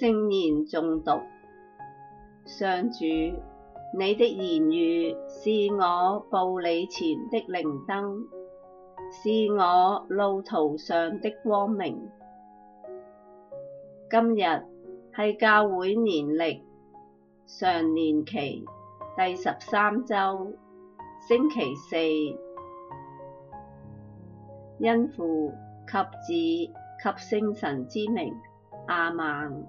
聖言誦讀，上主，你的言語是我步履前的靈燈，是我路途上的光明。今日係教會年曆常年期第十三周星期四，因父及子及聖神之名，阿門。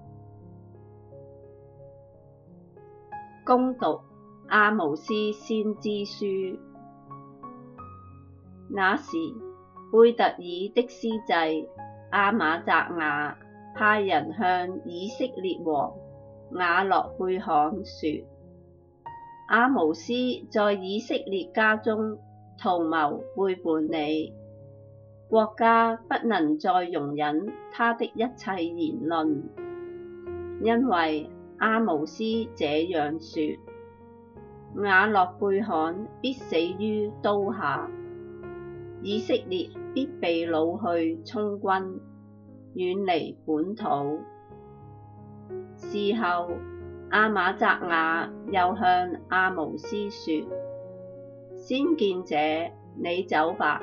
恭讀《亞毛斯先知書》。那時，貝特耳的司祭阿瑪責雅派人向以色列王雅洛貝罕說：亞毛斯在以色列家中圖謀背叛你，國家不能再容忍他的一切言論，因為，亞毛斯這樣說：雅洛貝罕必死於刀下，以色列必被擄去充軍，遠離本土。事後，阿瑪責雅又向亞毛斯說：先見者，你走吧，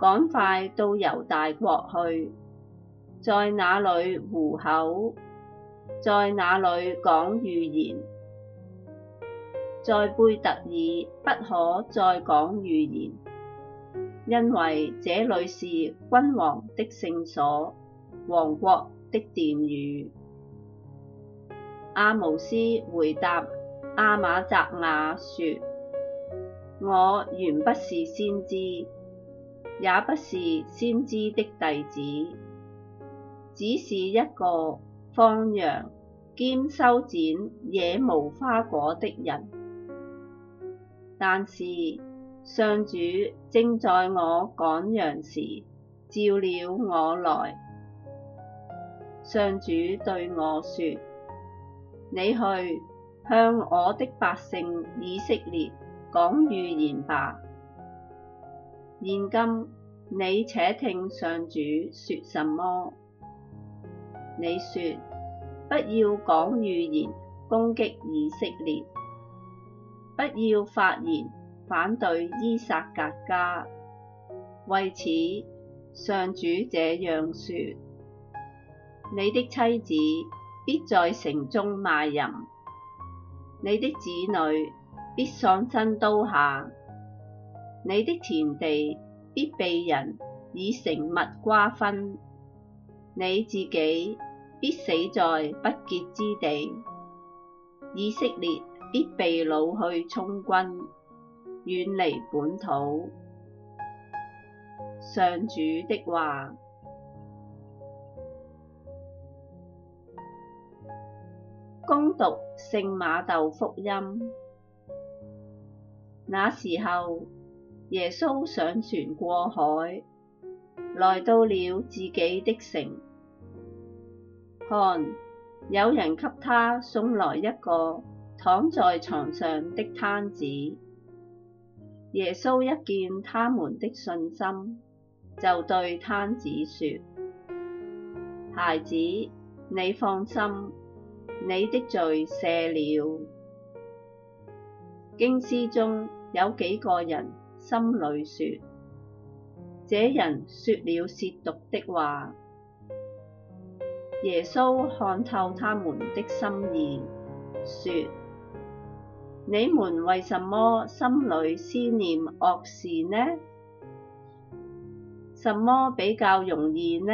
趕快到猶大國去，在那裏糊口。在那裏講預言。在貝特耳不可再講預言，因為這裏是君王的聖所，王國的殿宇。亞毛斯回答阿瑪責雅說：我原不是先知，也不是先知的弟子，只是一個，放羊兼修剪野無花果的人，但是上主正在我趕羊時召了我來。上主對我說，你去向我的百姓以色列講預言吧。現今你且聽上主說什麼。你說，不要講預言攻擊以色列，不要發言反對依撒格家。為此，上主這樣說：你的妻子必在城中賣淫，你的子女必喪身刀下，你的田地必被人以繩墨瓜分。你自己必死在不潔之地，以色列必被擄去充軍，遠離本土。上主的話，恭讀《 聖瑪竇福音》。那時候，耶穌上船過海。來到了自己的城，看，有人給他送來一個躺在床上的癱子。耶穌一見他們的信心，就對癱子說：孩子，你放心，你的罪赦了。經師中有幾個人心裏說。這人說了褻瀆的話。耶穌看透他們的心意，說：你們為什麼心裡思念惡事呢？什麼比較容易呢？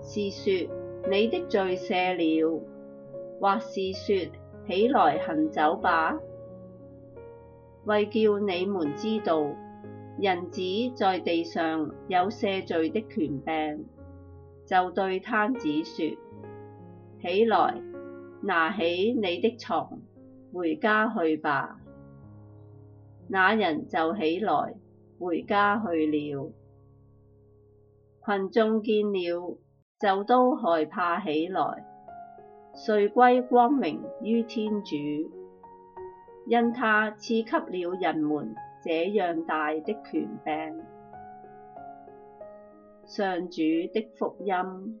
是説你的罪赦了，或是説起來行走吧？為叫你們知道。人子在地上有赦罪的權柄，就對癱子說：起來，拿起你的床，回家去吧。那人就起來，回家去了。群眾見了，就都害怕起來，遂歸光榮於天主，因他賜給了人們這樣大的權柄，上主的福音。